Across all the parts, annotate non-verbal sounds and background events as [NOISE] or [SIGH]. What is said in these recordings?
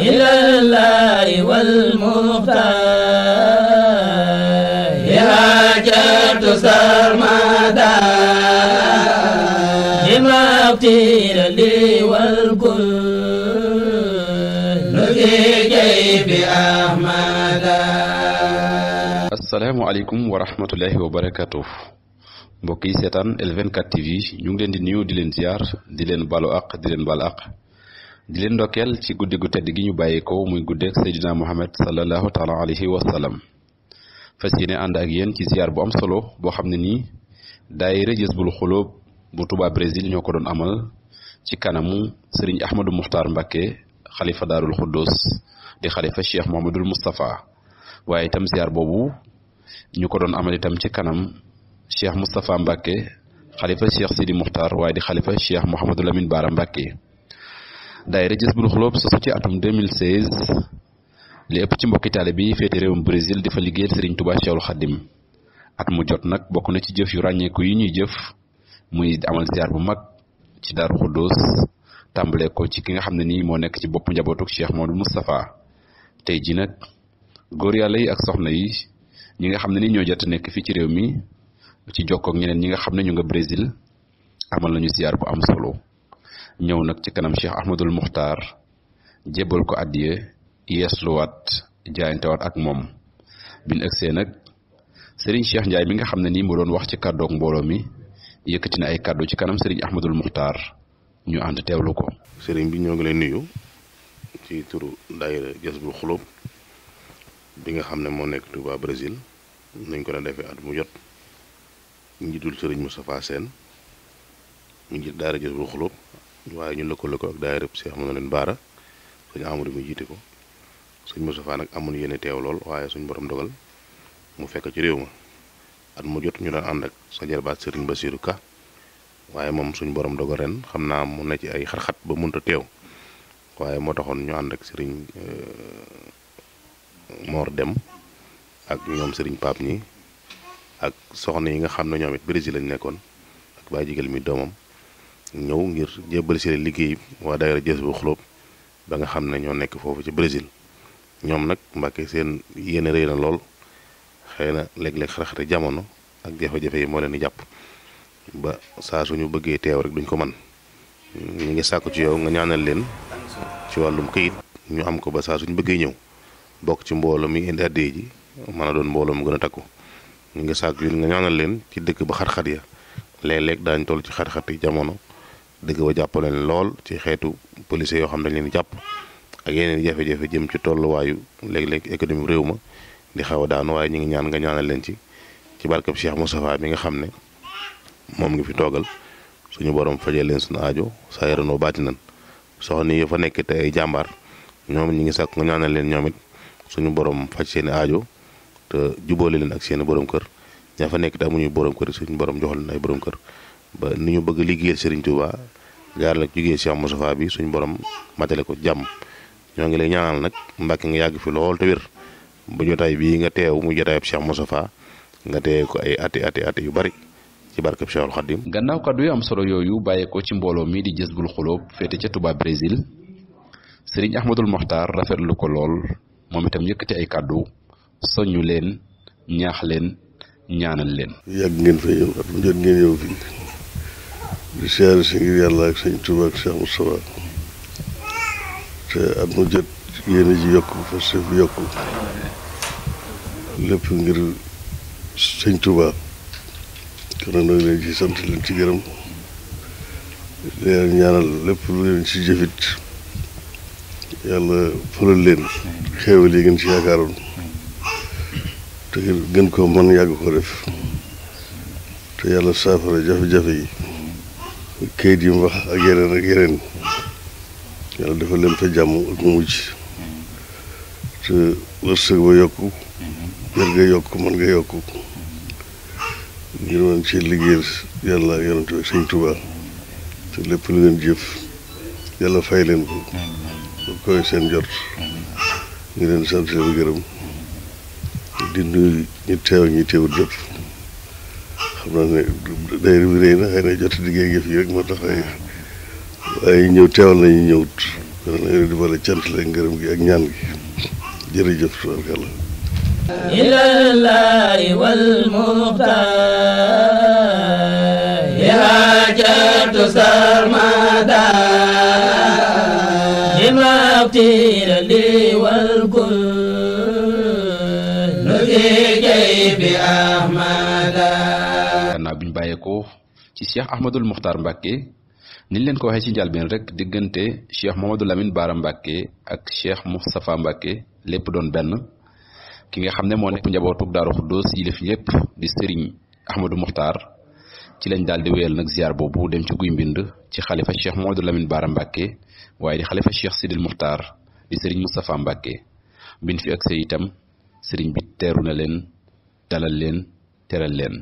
إلى الله والمختار يا جد سرمدا لما اغتيل لي والكل في جيب أحمد السلام عليكم ورحمة الله وبركاته mbokk yi seetaan L24 TV ñu ngi leen di nuyu di leen ziar di leen balu àq di leen balu àq di leen ndokkeel ci guddi gu tedd gi ñu bàyyi ko muy guddeeg Seydina Muhammad sallallahu taala alayhi wa sallam fas yéene ànd ak yéen ci ziar bu am solo boo xam ne nii daayira Jazbul Xuloob bu tubaab Brésil ñoo ko doon amal ci kanamu Serigne Ahmadou Muxtaar Mbakke xalifa Daarul Xuddoos di xalifa Cheikh Mouhamadul Moustapha waaye itam ziar boobu ñu ko doon amal itam ci kanam Cheikh Moustapha Mbakke xalifa Cheikh Sidi Muxtaar waaye di xalifa Cheikh Mouhamadul Amin Baara Mbakke. daay daayira Jazbul Xuloob sosu ci atum 2016 li ëpp ci mbokki taale bi féete réewum Brésil dafa liggéeyal Serigne Touba Cheikhul Khadim at mu jot nag bokk na ci jëf yu ràññeeku yi ñuy jëf muy amal ziar bu mag ci Daaru Xuddoos tàmbalee ci ki nga xam ne nii moo nekk ci bopp njabootuk Cheikh Modou Moustapha tey ji nag góor yàlla yi ak soxna yi ñi nga xam ne ni ñoo jot nekk fii ci réew mi ci jokkook ñeneen ñi nga xam ne ñu nga Brésil amal nañu ziar bu am solo ñëw nag ci kanam Cheikh Ahmadul Muxtaar jébbal ko addiye yeesluwaat jaayantewaat ak moom biñ agsee nag Serigne Cheikh Ndiaye mi nga xam ne nii moo doon wax ci kàddoog mbooloo mi yëkkati na ay kàddu ci kanam Serigne Ahmadul Muxtaar ñu ànd teewlu ko. sëriñ bi ñoo ngi lay nuyu ci turu daayira Jazbul Xulub bi nga xam ne moo nekk Touba Brésil nañ ko na defee at mu jot njiitul Serigne Moustapha Sène mu njiit daara Jazbul Xulub waaye ñu lëkkaloo ko ak daayira Cheikh Mouhamadou leen Baara suñu Amadou mi jiite ko suñ Moustapha nag amoon yéene teew lool waaye suñ borom dogal mu fekk ci réew ma at mu jot ñu daan ànd ak sa jarbaat Serigne Bassirou Ka waaye moom suñ borom dogal ren xam naa mu na ci ay xat-xat ba munta teew waaye moo taxoon ñu ànd rek sëriñ euh, Mor Dem ak ñoom sëriñ Pape ñi ak soxon yi nga xam ne ñoom it Brésil lañ nekkoon ak bàyyi jigal mi doomam. ñëw ngir jébbal seen liggéey waa daayira jës bu xulóob ba nga xam ne ñoo nekk foofu ci Brésil ñoom nag Mbàkke seen yéene rëy na lool xëy na léeg-léeg xaraxate jamono ak jafe yi moo leen di jàpp ba saa suñu bëggee teew rek duñ ko man ñu ngi sàkku ci yow nga ñaanal leen ci wàllum këyit ñu am ko ba saa ñu bëggee ñëw bokk ci mboolo mi indi addee ji mën a doon mbooloo mu gën a takku ñu ngi sàkku yi nga ñaanal leen ci dëkk ba xat-xat ya léeg-léeg daañ toll ci xat jamono dëgg ba jàppale lool ci xeetu police yoo xam ne dañ leen jàpp ak yeneen jafe-jafe jëm ci tolluwaayu léeg-léeg économie réew ma di xaw a daanu waaye ñu ngi ñaan nga ñaanal leen ci ci barkab Cheikh Moustapha mi nga xam ne moom ngi fi toogal suñu borom fajee leen suñu aajo saa yaranoo baati nan soxna yi fa nekk te ay jàmbaar ñoom ñi ngi sàkk nga ñaanal leen ñoom suñu borom faj seen ajo te jubóole leen ak seen borom kër ñaa fa nekk te amuñu borom kër suñu borom jox leen ay borom kër ba ni ñu bëgg liggéey Serigne Touba jaar la jugee Cheikh Moustapha bi suñu borom matale ko jàmm ñoo ngi lay ñaanal nag Mbàkke nga yàgg fi lool te wér ba jotaay bii nga teew mu jotaayub Cheikh Moustapha nga teew ko ay ati ati yu bari ci barkeb Cheikhul Khadim gannaaw kaddu yu am solo yooyu bàyyeeko ci mbooloo mii di Jazbul Xuloob féete ca Touba Brésil Serigne Ahmadul Mokhtar rafetlu ko lool moom itam yëkkati ay kaddu soññu leen ñaax leen ñaanal leen. yàgg ngeen fa yow at di siyaare si ngir yàlla ak sëñ Tuuba ak Cheikh Moustapha te at mu jot yéene ji yokk fas fi yokk ngir sëñ Tuuba kon nag ngi leen ci sant leen ci gërëm leen ñaanal lépp lu leen ci jëfit yàlla fulal leen xéewal yi ngeen ci yaakaaroon te gën ko mën yàgg ko def te yàlla saafara jafe-jafe yi kayit yi mu wax ak yeneen ak yeneen yàlla dafa leen fa jàmm ak mujj te ba yokku wér nga yokk man nga yokk ngir man ci liggéeyal yàlla ak yonent bi sëñ Tuubaa te lépp lu ngeen jëf yàlla fay leen ko ba koy seen jot ngi leen sant seen gërëm di nuyu ñu teew ñi xam ne daayira bi réy na xëy na jot liggéey yëf yi rek moo tax ay waaye ñëw teewal nañu ñëwut kon nag di boole cant la ngërëm gi ak ñaan gi jërëjëf tubarkàlla ilallahi wal muxtaar yaa jatu sarmada limaftira li wal kul nu fi kay bi ahmad ci cheikh ahmadul muxtaar mbàkke niñ leen ko waxee ci njàlbeen rek diggante cheikh mohamadou lamine baara mbàkke ak cheikh moustapha mbàkke lépp doon benn ki nga xam ne moo nekk njabootug daaru xuddoos yilif ñëpp di sëriñ ahmadou muxtaar ci lañ daal di wéyal nag ziar boobu dem ci guy mbind ci xalifa cheikh mohamadou lamine baara mbàkke waaye di xalifa cheikh sidil muxtaar di sëriñ moustapha mbàkke bin fi ak sey itam sëriñ bi teeru na leen dalal leen teral leen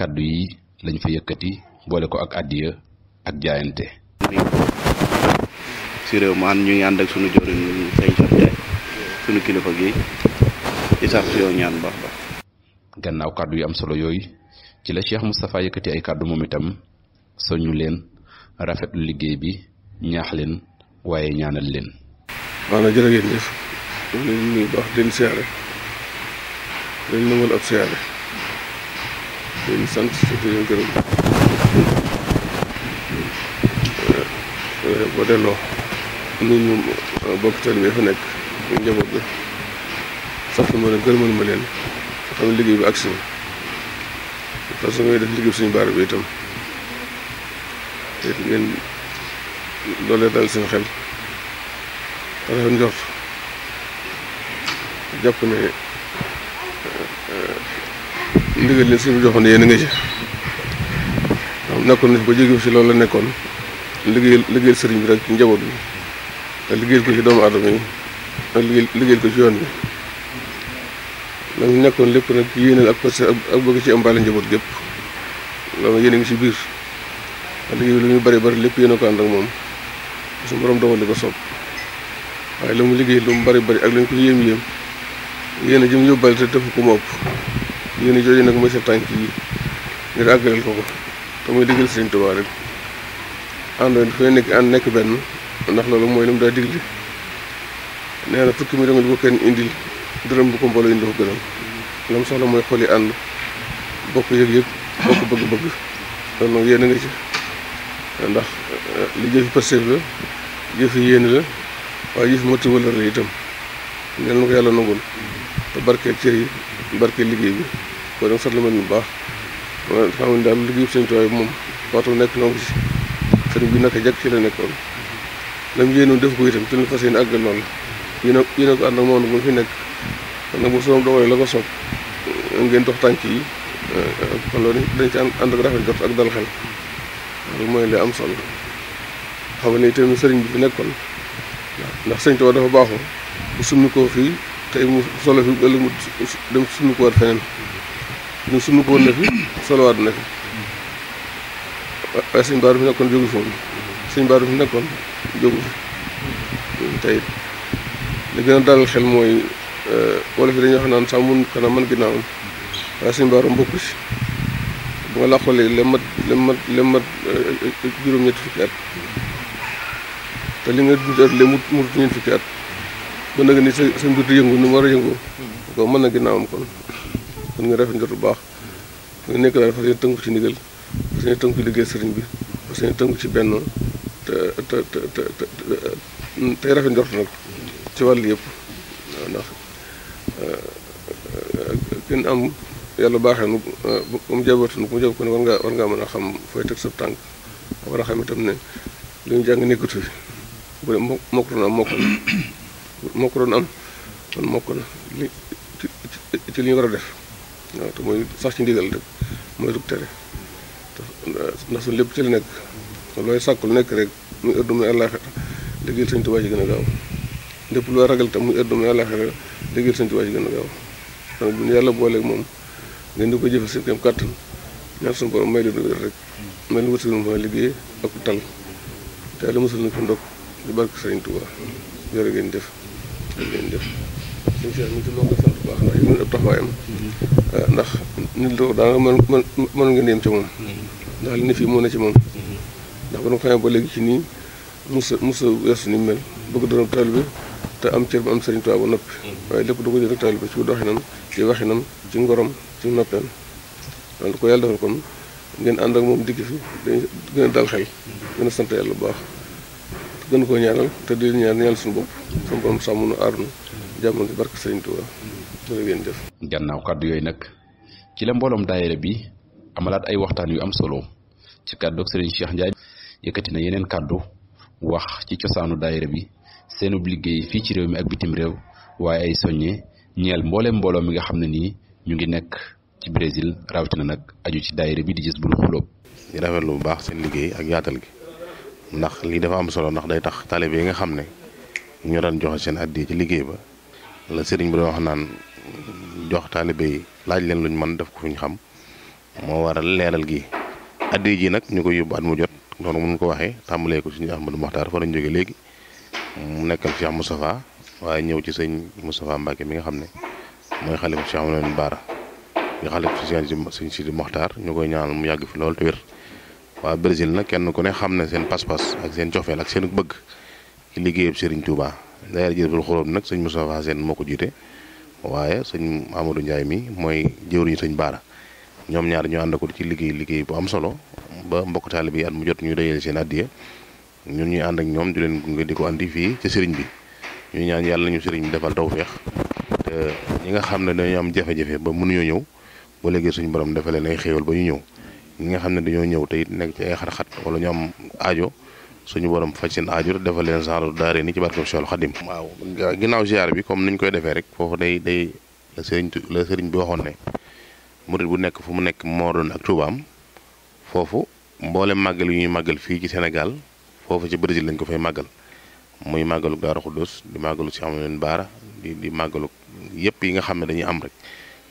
kaddu yi lañ fa yëkkati boole ko ak addiya ak jaayante. si réew mi ñu ngi ànd ak sunu jëwriñ sunu kilifa gi di sax ñaan baax baax. gannaaw kàddu yi am solo yooyu ci la Cheikh Moustapha yëkkati ay kàddu moom itam soñu leen rafetlu liggéey bi ñaax leen waaye ñaanal leen. leen sant di leen gërëm ba delloo nuyu ñu bokk taalibe bi fa nekk ñu njaboot bi sant ma leen gërëmal ma leen xam ne liggéey bi agsi na parce que ngay def liggéey suñu baar bi itam te ngeen loolee dal seen xel rafet njort jàpp ne ndigal li suñu joxoon yéen nga ci nekkoon na fi ba jóge fi loolu la nekkoon liggéeyal liggéeyal sëriñ bi rek ci njaboot bi ak liggéeyal ko ci doomu aadama yi ak liggéeyal ko ci yoon bi nag nekkoon lépp nag yéeneel ak parce ak bëgg ci ëmbaale njaboot gépp loolu yéen a ngi ci biir ak liggéey lu muy bari bari lépp yéen a ko ànd ak moom su borom dogal li ko soob waaye la mu liggéey lu mu bari bari ak lañ ko yéem yéem yéen a jëm yóbbal te defu ko mu ëpp yéen a jooju nag mooy sa tànk yi ngir àggaleel ko ko te muy digal Sëriñ Tuubaa rek àndoon dafay nekk ànd nekk benn ndax loolu mooy lu mu daa digle nee na fukki mi dama di ko kenn indil dërëm bu ko mbooloo indi ko gënal la mu soxla mooy xoli ànd bokk yëg-yëg bokk bëgg-bëgg loolu nag yéen a nga ci ndax eh, li jëfi Pastef la jëfi yéen la waaye jëfi motti wëlër la itam neen na ko yàlla nangul te barkeel cër yi barkeel liggéey bi ko dama la mel ni bu baax xam nga daal liggéeyu sëñ Tuubaa moom waxtu nekk noonu si sëriñ bi naka jekk ci la nekkoon lam yéenoon def ko itam ci la fas yéene àggal noonu yéen a a ko ànd fi nekk kon nag bu soom dogalee la ko ngeen dox tànk yi eh, kon dañ ci ànd ak rafet jot ak dal xel loolu mooy li am solo xam ne sëriñ bi nekkoon ndax sëñ Tuubaa dafa baaxoo bu summi koo fii tey mu solo fi ëllëg mu dem summi ko war feneen ñu sunu koon na fi solowaat na fi waaye sëñ baaru nekkoon jógu fi moom sëñ nekkoon jógu fi tey li gën a dalal mooy euh, wolof yi dañuy naan sax man ginnaawam si bu nga la xoolee la mat la euh, euh, at li nga dund le mut mut ñeent fukki at ba nag ni sa sa di yëngu nu war a yëngu hmm. ko mën na ginnaawam kon kon nga rafet njort bu baax nga nekk daal fas yéene tënku ci ndigal fas yéene tënku ci liggéey sëriñ bi fas tënku ci benn te te te te rafet njort nag ci wàll yëpp waaw ndax euh, kenn am yàlla baaxee nu ba mu jabootu nu mu jabootu ko ne war ngaa war ngaa mën a xam fooy teg sa tànk war a xam itam ne li ñu jàng nekkatu fi bu mokk doon am mokk na mokk doon [COUGHS] am kon mokk na ci li ñu war a def. waaw te mooy sax ci ndigal rek mooy dug ndax suñu lépp ci la nekk looy sàkku lu nekk rek muy ëddu muy àllaaxira liggéeyal Sëñ Tuubaa ci gën a gaaw lépp looy ragal tam muy ëddu muy àllaaxira liggéeyal Sëñ Tuubaa ci gën a gaaw kon bu yàlla booleeg moom ngeen di ko jëfe si kattan kàttan ñaan suñu borom may leen wér rek may leen wërsëg ma liggéey ak tal te yàlla mosul na ko ndokk di barke Sëriñ Tuubaa jërë ngeen jëf jërëjëf mi ci moo ngi sant bu ndax yëg na ab taxawaayam mhm. ndax mën nga dem ci moom ndax mhm. li ne fii moo ne ci moom mhm. ndax ba nga ci nii musa musa weesu ni mel bëgg doon bi te am cër am sëriñ Tuubaa ba noppi waaye lépp du ko jël taal bi ci doxinam ci waxinam ci ngorom ci noppeem loolu ko yàlla defal kon ngeen ànd ak moom digg fi dañu gën a dal xel gën a sant yàlla bu baax gën koo ñaanal te di ñaan ñaanal suñu bopp suñu borom sàmm nu aar nu jàmm ci barke Sëriñ Tuuba kàddu yooyu nag ci la mbooloom daayira bi amalaat ay waxtaan yu am solo ci kàddu Sëriñ Cheikh Ndiaye yëkkati na yeneen kàddu wax ci cosaanu daayira bi seenub liggéey fii ci réew mi ak bitim réew waaye ay soññe ñeel mbooleem mbooloo mi nga xam ne nii ñu ngi nekk ci Brésil na nag aju ci daayira bi di gis bul xulóob. di rafetlu bu baax seen liggéey ak yaatal ndax lii dafa am solo ndax day tax taalibe yi nga xam ne ñoo daan joxe seen addiya ci liggéey ba la sëriñ bi doon wax naan jox taalibe yi laaj leen luñ man def ko ñu xam moo waral leeral gi addiya ji nag ñu koy yóbbu at mu jot noonu mun ko waxee tàmbalee ko suñu Ahmadou Mokhtar fa ñu jóge léegi mu nekkal Cheikh Moustapha waaye ñëw ci sëñ Moustapha Mbacke mi nga xam ne mooy xalifa Cheikh Mouhamadou Bara di xalifa si sëñ Sidi Mokhtar ñu koy ñaanal mu yàgg fi lool te waa Brésil nag kenn ku ne xam na seen pas-pas ak seen cofeel ak seen bëgg ci liggéeyub Serigne Touba daayira Jazbul Xuluub nag sëñ Moustapha Sène moo ko jiite waaye sëñ Amadou Ndiaye mi mooy jëwriñu sëñ Baara ñoom ñaar ñu ànd ko ci liggéey liggéey bu am solo ba mbokk taalibe yi at mu jot ñu dajale seen àddiya ñun ñuy ànd ak ñoom di leen gunge di ko andi fii ci sëriñ bi ñu ñaan yàlla ñu sëriñ bi defal tawféex te ñi nga xam ne dañu am jafe-jafe ba mënuñoo ñëw ba léegi suñu borom dafa leen ay xéewal ba ñu ñëw ñi nga xam ne dañoo ñëw te it nekk ci ay xat-xat wala ñu am ajo suñu borom faj seen aajo defal leen genre daare ni ci barkeb Seexul Xadim waaw ginnaaw ziar bi comme niñ koy defee rek foofu day day la sëriñ la sëriñ bi waxoon ne murid bu nekk fu mu nekk moo doon ak tuubaam foofu mboole màggal yu ñuy màggal fii ci Sénégal foofu ci Brésil lañ ko fay màggal muy màggalu Daaru Xuddoos di màggalu si am leen baara di di màggalu yëpp yi nga xam ne dañuy am rek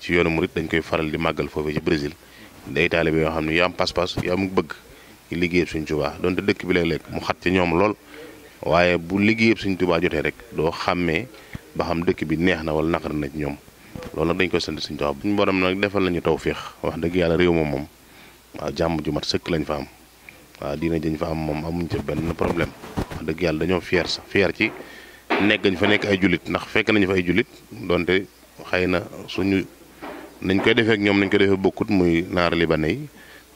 ci yoonu murid dañ koy faral di màggal foofu ci day taalibe yoo xam ne yu am pas-pas yu am bëgg ci liggéeyab Sëriñ Tuubaa donte dëkk bi léeg lekk mu xat ci ñoom lool waaye bu liggéeyab Sëriñ Tuubaa jotee rek doo xàmmee ba xam dëkk bi neex na wala naqar na ci ñoom loolu nag dañ koy sant Sëriñ Tuubaa suñu borom nag defal nañu tawféex wax dëgg yàlla réew ma moom waaw jàmm ju mat sëkk lañ fa am waaw diina dañ fa am moom amuñ ca benn problème wax dëgg yàlla dañoo fier sax fier ci nekk dañ fa nekk ay jullit ndax fekk nañu fa ay jullit donte xëy na suñu nañ koy defee ak ñoom nañ koy defee bokkut muy naar libane yi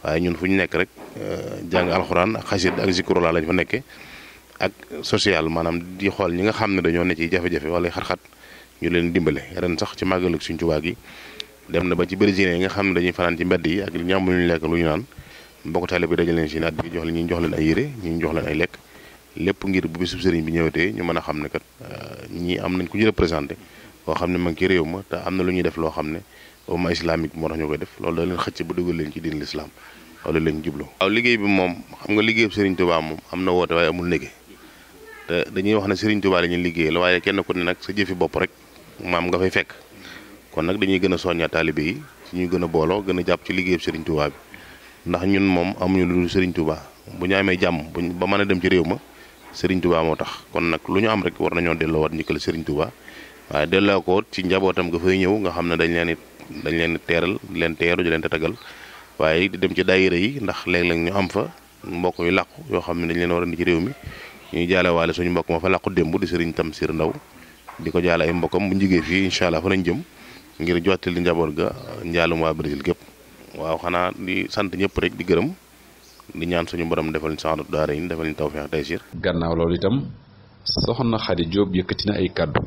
waaye ñun fu ñu nekk rek euh, jàng alxuraan ak xasid ak zikrullah lañ fa nekkee ak social maanaam di xool ñi nga xam ne dañoo ne ci jafe wala xat ñu leen dimbale ren sax ci màggalu Sëriñ Tuubaa gi dem na ba ci brésilien yi nga xam ne dañuy fanaan ci mbedd yi ak li ñu ñu lekk lu ñu naan mbokk taalibe bi dajale si naat bi jox leen ñu jox leen ay yére ñu jox leen ay lekk lépp ngir bu bisub bi bi ñëwatee ñu mën a xam ne kat euh, ñii am nañ ku ñu représenté oo xam ne ma ci réew ma te am na lu ñuy def loo xam ne ma islamique moo tax ñu koy def loolu da leen xëcc ba dugal leen ci diin lislaam loolu lañ jublu waaw liggéey bi moom xam nga liggéey bi Serigne Touba moom am na woote waaye amul nege te dañuy wax ne Serigne Touba la ñuy liggéey la waaye kenn ku ne nag sa jëfi bopp rek maam nga fay fekk kon nag dañuy gën a soñña taalibe yi suñuy gën a booloo gën a jàpp ci liggéey bi Serigne ndax ñun moom amuñu lu dul Serigne Touba bu ñu amee jàmm buñ ba mën a dem ci réew ma Serigne Touba moo tax kon nag lu ñu am rek war nañoo delloowaat njëkkal Serigne Touba waaye delloo ko ci njabootam nga fay ñëw nga xam ne dañ leen it dañ leen teeral di leen teeru di leen tatagal waaye di dem ci daayira yi ndax léeg-léeg ñu am fa mbokk yu làqu yoo xam ne dañ leen war a ci réew mi ñuy jaalewaale suñu mbokk ma fa làqu démb di tam sir Ndaw di ko jaale ay mbokkam bu njigee fii incha allah fa lañ jëm ngir jottali njaboot ga njaalum waa Brésil gépp waaw xanaa di sant ñëpp rek di gërëm di ñaan suñu borom defal ñu saxandatu daara yi defal ñu tawfeex taysir gannaaw loolu itam soxna Xadi Jóob yëkkati na ay kàddu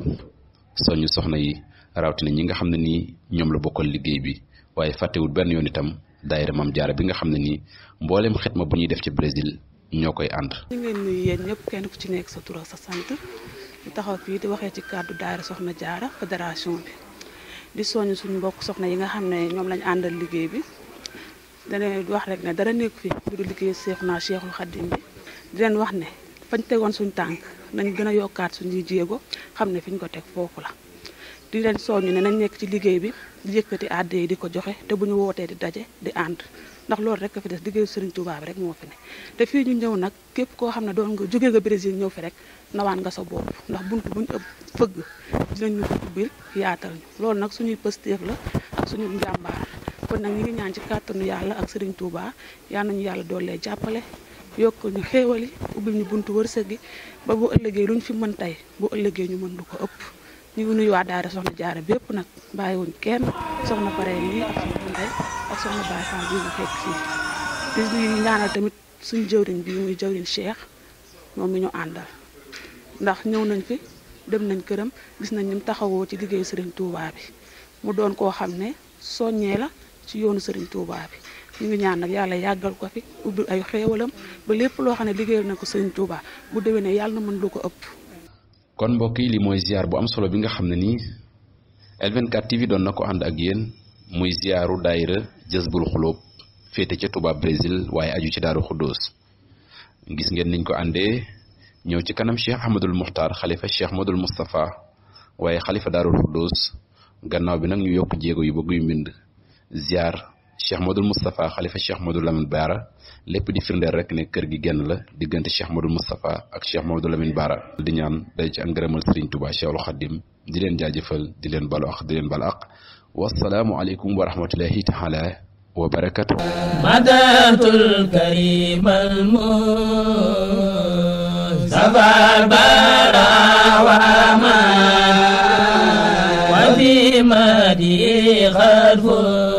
soñu soxna yi rawatina ñi nga xam ne nii ñoom la bokkal liggéey bi waaye fàttewul benn yoon itam daay Maam Jaara bi nga xam ne nii mbooleem ma bu ñuy def ci Brésil ñoo koy ànd. ñu ngi yéen ñëpp kenn ku ci nekk sa tur sa sant ñu taxaw fii di waxee ci kàddu daayira Soxna Jaara fédération bi di soññ suñu mbokk soxna yi nga xam ne ñoom lañu àndal liggéey bi dana wax rek ne dara nekk fi lu du liggéey seexu naa Seexul Xaddim bi di leen wax ne fañ tegoon suñu tànk nañ gën a yokkaat suñuy jéego xam ne fi ñu ko teg foofu la. di leen soññu ne nañ nekk ci liggéey bi di yëkkati àdde yi di ko joxe te bu ñu wootee di daje di ànd ndax loolu rek a fi des liggéeyu Serigne Touba bi rek moo fi ne te fii ñu ñëw nag képp koo xam ne doon nga jóge nga Brésil ñëw fi rek nawaan nga sa bopp ndax bunt bu ñu ëpp fëgg dinañ ñu ubbil yaatal ñu loolu nag suñuy pësteef la ak suñu njàmbaar kon nag ñu ngi ñaan ci kàttanu yàlla ak Serigne Touba yal nañu yàlla doolee jàppale yokk ñu xéewali ubbil ñu buntu wërsëg gi ba bu ëllëgee lu ñu fi mën tey bu ëllëgee ñu mën lu ko ëpp ñu ngi nuyu waa daara soxna jaara bépp nag bàyyi wuñ kenn soxna pare nii ak soxna ndey ak soxna ñu fekk tamit suñ jëwriñ bi muy jëwriñ cheikh moom mi ñu àndal ndax ñëw nañ fi dem nañ këram gis nañ nim taxawoo ci liggéey sëriñ tuubaa bi mu doon koo xam ne soññee la ci yoonu sëriñ tuubaa bi ñu ngi ñaan nag yàlla yàggal ko fi ubbi ay xéewalam ba lépp loo xam ne liggéeyal nañ ko sëriñ Touba bu déwénee yàlla na mën lu ko ëpp kon mbokk yi li mooy ziar bu am solo bi nga xam ne nii L24 TV doon na ko ànd ak yéen muy ziaru daayira Jazbul Xuloob féete ca tubaab Brésil waaye aju ci Daaru Xuddoos gis ngeen niñ ko àndee ñëw ci kanam Cheikh Ahmadul Muxtaar xalifa Cheikh Madul Moustapha waaye xalifa Daaru Xuddoos gannaaw bi nag ñu yokk jéego yu bëgg yu mbind ziar Cheikh Madul Moustapha xalifa Cheikh Madul Lamin Baara lépp di firndeel rek ne kër gi genn la diggante Cheikh Modou Moustapha ak Cheikh Modou Lamine Bara di ñaan day ci ak ngërëmal Serigne Touba Cheikhul Khadim di leen jaajëfal di leen balu di leen bal ak wasalaamu aleykum wa wa barakatu madatul karimal safar bara wa ma wa fi madi xadfu